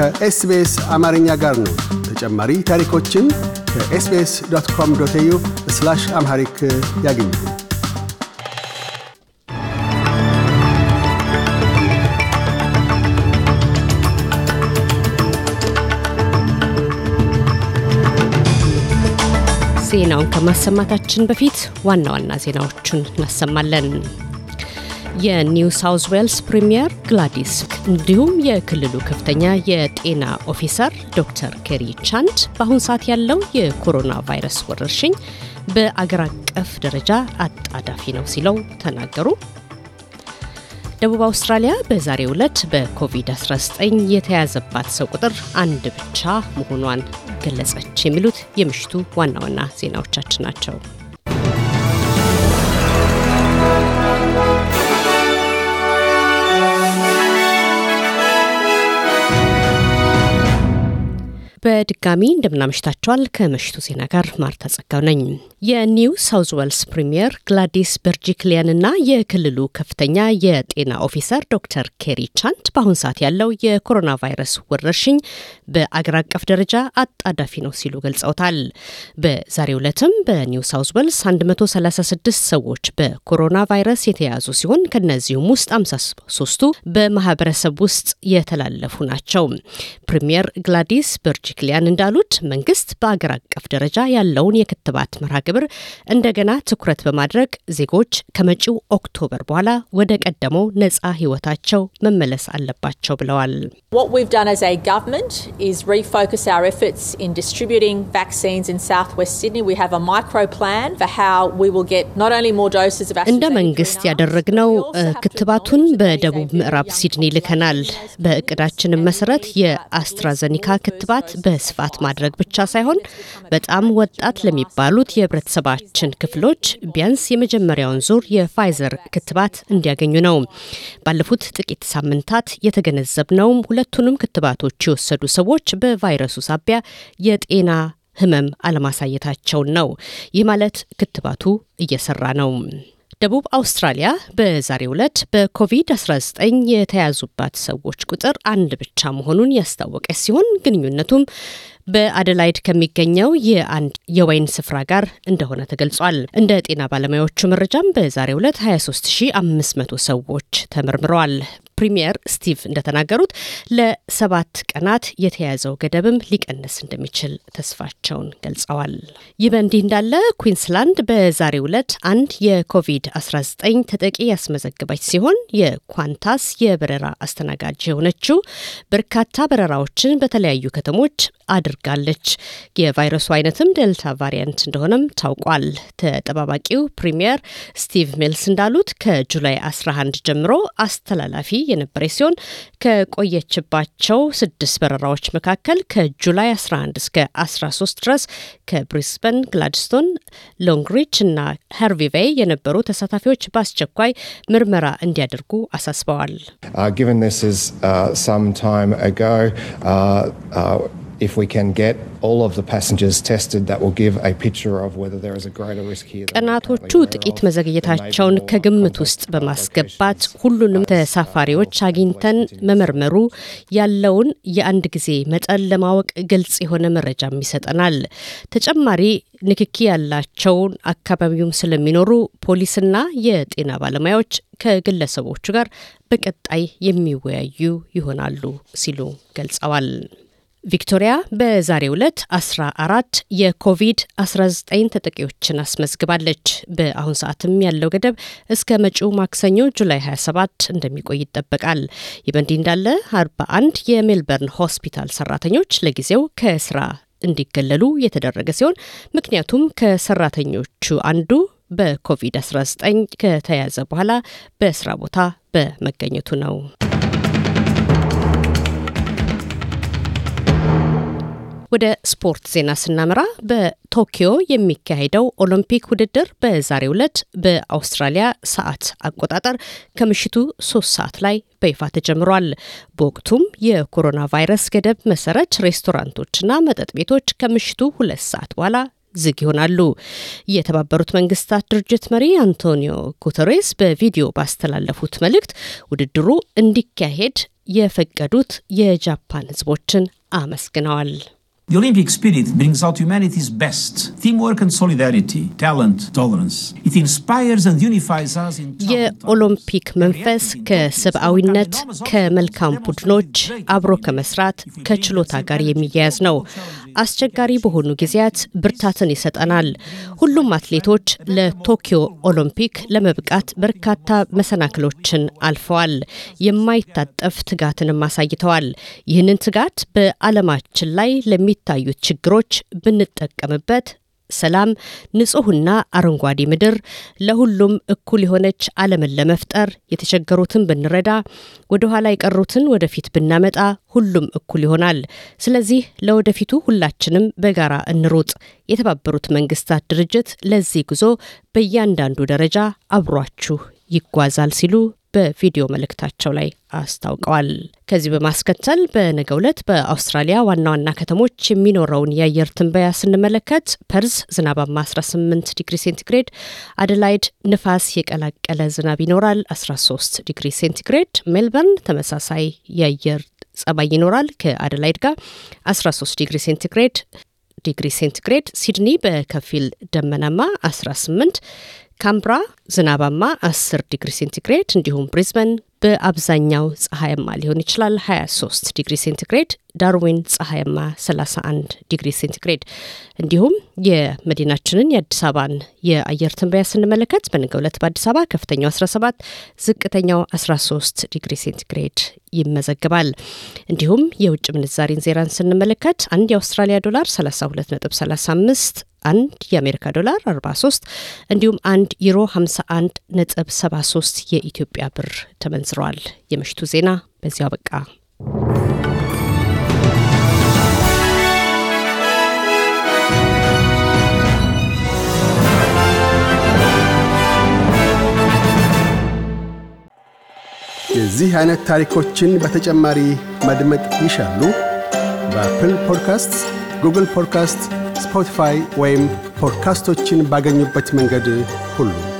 ከኤስቤስ አማርኛ ጋር ነው። ተጨማሪ ታሪኮችን ከኤስቤስ ዶት ኮም ዶት ኤዩ አምሃሪክ ያገኙ። ዜናውን ከማሰማታችን በፊት ዋና ዋና ዜናዎቹን እናሰማለን። የኒው ሳውዝ ዌልስ ፕሪምየር ግላዲስ እንዲሁም የክልሉ ከፍተኛ የጤና ኦፊሰር ዶክተር ኬሪ ቻንድ በአሁን ሰዓት ያለው የኮሮና ቫይረስ ወረርሽኝ በአገር አቀፍ ደረጃ አጣዳፊ ነው ሲለው ተናገሩ። ደቡብ አውስትራሊያ በዛሬው ዕለት በኮቪድ-19 የተያዘባት ሰው ቁጥር አንድ ብቻ መሆኗን ገለጸች። የሚሉት የምሽቱ ዋና ዋና ዜናዎቻችን ናቸው። በድጋሚ እንደምናመሽታቸዋል። ከምሽቱ ዜና ጋር ማርታ ጸጋው ነኝ። የኒው ሳውዝ ዌልስ ፕሪምየር ግላዲስ ና የክልሉ ከፍተኛ የጤና ኦፊሰር ዶክተር ኬሪ ቻንት በአሁን ሰዓት ያለው የኮሮና ቫይረስ ወረርሽኝ በአገር አቀፍ ደረጃ አጣዳፊ ነው ሲሉ ገልጸውታል። በዛሬ ዕለትም በኒው ሳውዝ ዌልስ 136 ሰዎች በኮሮና ቫይረስ የተያዙ ሲሆን ከነዚሁም ውስጥ 53ቱ በማህበረሰብ ውስጥ የተላለፉ ናቸው። ፕሪምየር ግላዲስ በርጂ ክሊያን እንዳሉት መንግስት በአገር አቀፍ ደረጃ ያለውን የክትባት መርሃ ግብር እንደገና ትኩረት በማድረግ ዜጎች ከመጪው ኦክቶበር በኋላ ወደ ቀደመው ነጻ ህይወታቸው መመለስ አለባቸው ብለዋል። እንደ መንግስት ያደረግነው uh, ክትባቱን በደቡብ ምዕራብ ሲድኒ ልከናል። በእቅዳችንም መሰረት የአስትራዘኒካ ክትባት በስፋት ማድረግ ብቻ ሳይሆን በጣም ወጣት ለሚባሉት የህብረተሰባችን ክፍሎች ቢያንስ የመጀመሪያውን ዙር የፋይዘር ክትባት እንዲያገኙ ነው። ባለፉት ጥቂት ሳምንታት የተገነዘብነውም ሁለቱንም ክትባቶች የወሰዱ ሰዎች በቫይረሱ ሳቢያ የጤና ህመም አለማሳየታቸውን ነው። ይህ ማለት ክትባቱ እየሰራ ነው። ደቡብ አውስትራሊያ በዛሬው ዕለት በኮቪድ-19 የተያዙባት ሰዎች ቁጥር አንድ ብቻ መሆኑን ያስታወቀ ሲሆን ግንኙነቱም በአደላይድ ከሚገኘው የአንድ የወይን ስፍራ ጋር እንደሆነ ተገልጿል። እንደ ጤና ባለሙያዎቹ መረጃም በዛሬው ዕለት 23500 ሰዎች ተመርምረዋል። ፕሪሚየር ስቲቭ እንደተናገሩት ለሰባት ቀናት የተያዘው ገደብም ሊቀንስ እንደሚችል ተስፋቸውን ገልጸዋል። ይህ በእንዲህ እንዳለ ኩዊንስላንድ በዛሬው ዕለት አንድ የኮቪድ-19 ተጠቂ ያስመዘገበች ሲሆን የኳንታስ የበረራ አስተናጋጅ የሆነችው በርካታ በረራዎችን በተለያዩ ከተሞች አድር አድርጋለች። የቫይረሱ አይነትም ደልታ ቫሪያንት እንደሆነም ታውቋል። ተጠባባቂው ፕሪምየር ስቲቭ ሜልስ እንዳሉት ከጁላይ 11 ጀምሮ አስተላላፊ የነበረ ሲሆን ከቆየችባቸው ስድስት በረራዎች መካከል ከጁላይ 11 እስከ 13 ድረስ ከብሪስበን፣ ግላድስቶን፣ ሎንግሪች እና ሀርቪቬይ የነበሩ ተሳታፊዎች በአስቸኳይ ምርመራ እንዲያደርጉ አሳስበዋል። if we can get all of the passengers tested that will give a picture of whether there is a greater risk here. ቀናቶቹ ጥቂት መዘግየታቸውን ከግምት ውስጥ በማስገባት ሁሉንም ተሳፋሪዎች አግኝተን መመርመሩ ያለውን የአንድ ጊዜ መጠን ለማወቅ ግልጽ የሆነ መረጃም ይሰጠናል። ተጨማሪ ንክኪ ያላቸውን አካባቢውም ስለሚኖሩ ፖሊስና የጤና ባለሙያዎች ከግለሰቦቹ ጋር በቀጣይ የሚወያዩ ይሆናሉ ሲሉ ገልጸዋል። ቪክቶሪያ በዛሬው ዕለት 14 የኮቪድ-19 ተጠቂዎችን አስመዝግባለች። በአሁን ሰዓትም ያለው ገደብ እስከ መጪው ማክሰኞ ጁላይ 27 እንደሚቆይ ይጠበቃል። ይህ በእንዲህ እንዳለ 41 የሜልበርን ሆስፒታል ሰራተኞች ለጊዜው ከስራ እንዲገለሉ የተደረገ ሲሆን ምክንያቱም ከሰራተኞቹ አንዱ በኮቪድ-19 ከተያዘ በኋላ በስራ ቦታ በመገኘቱ ነው። ወደ ስፖርት ዜና ስናምራ በቶኪዮ የሚካሄደው ኦሎምፒክ ውድድር በዛሬው ዕለት በአውስትራሊያ ሰዓት አቆጣጠር ከምሽቱ ሶስት ሰዓት ላይ በይፋ ተጀምሯል። በወቅቱም የኮሮና ቫይረስ ገደብ መሰረት ሬስቶራንቶችና መጠጥ ቤቶች ከምሽቱ ሁለት ሰዓት በኋላ ዝግ ይሆናሉ። የተባበሩት መንግስታት ድርጅት መሪ አንቶኒዮ ጉተሬስ በቪዲዮ ባስተላለፉት መልእክት ውድድሩ እንዲካሄድ የፈቀዱት የጃፓን ህዝቦችን አመስግነዋል። The Olympic spirit brings out humanity's best teamwork and solidarity, talent, tolerance. It inspires and unifies us in የኦሎምፒክ መንፈስ ከሰብአዊነት፣ ከመልካም ቡድኖች አብሮ ከመስራት ከችሎታ ጋር የሚያያዝ ነው። አስቸጋሪ በሆኑ ጊዜያት ብርታትን ይሰጠናል። ሁሉም አትሌቶች ለቶኪዮ ኦሎምፒክ ለመብቃት በርካታ መሰናክሎችን አልፈዋል። የማይታጠፍ ትጋትንም አሳይተዋል። ይህንን ትጋት በዓለማችን ላይ ለሚ ለሚታዩት ችግሮች ብንጠቀምበት ሰላም፣ ንጹህና አረንጓዴ ምድር፣ ለሁሉም እኩል የሆነች ዓለምን ለመፍጠር የተቸገሩትን ብንረዳ፣ ወደ ኋላ የቀሩትን ወደፊት ብናመጣ ሁሉም እኩል ይሆናል። ስለዚህ ለወደፊቱ ሁላችንም በጋራ እንሩጥ። የተባበሩት መንግስታት ድርጅት ለዚህ ጉዞ በእያንዳንዱ ደረጃ አብሯችሁ ይጓዛል ሲሉ በቪዲዮ መልእክታቸው ላይ አስታውቀዋል። ከዚህ በማስከተል በነገ ዕለት በአውስትራሊያ ዋና ዋና ከተሞች የሚኖረውን የአየር ትንበያ ስንመለከት ፐርዝ ዝናባማ 18 ዲግሪ ሴንቲግሬድ፣ አደላይድ ንፋስ የቀላቀለ ዝናብ ይኖራል 13 ዲግሪ ሴንቲግሬድ፣ ሜልበርን ተመሳሳይ የአየር ጸባይ ይኖራል ከአደላይድ ጋር 13 ዲግሪ ሴንቲግሬድ ዲግሪ ሴንቲግሬድ ሲድኒ በከፊል ደመናማ 18 ካምብራ ዝናባማ 10 ዲግሪ ሴንቲግሬድ እንዲሁም ብሪዝበን በአብዛኛው ፀሐያማ ሊሆን ይችላል 23 ዲግሪ ሴንቲግሬድ፣ ዳርዊን ፀሐያማ 31 ዲግሪ ሴንቲግሬድ። እንዲሁም የመዲናችንን የአዲስ አበባን የአየር ትንበያ ስንመለከት በነገው ዕለት በአዲስ አበባ ከፍተኛው 17፣ ዝቅተኛው 13 ዲግሪ ሴንቲግሬድ ይመዘግባል። እንዲሁም የውጭ ምንዛሪን ዜራን ስንመለከት አንድ የአውስትራሊያ ዶላር 32.35 አንድ የአሜሪካ ዶላር 43 እንዲሁም አንድ ዩሮ 51 ነጥብ 73 የኢትዮጵያ ብር ተመንዝ ሰንዝረዋል። የምሽቱ ዜና በዚያው አበቃ። የዚህ አይነት ታሪኮችን በተጨማሪ ማድመጥ ይሻሉ? በአፕል ፖድካስት፣ ጉግል ፖድካስት፣ ስፖቲፋይ ወይም ፖድካስቶችን ባገኙበት መንገድ ሁሉ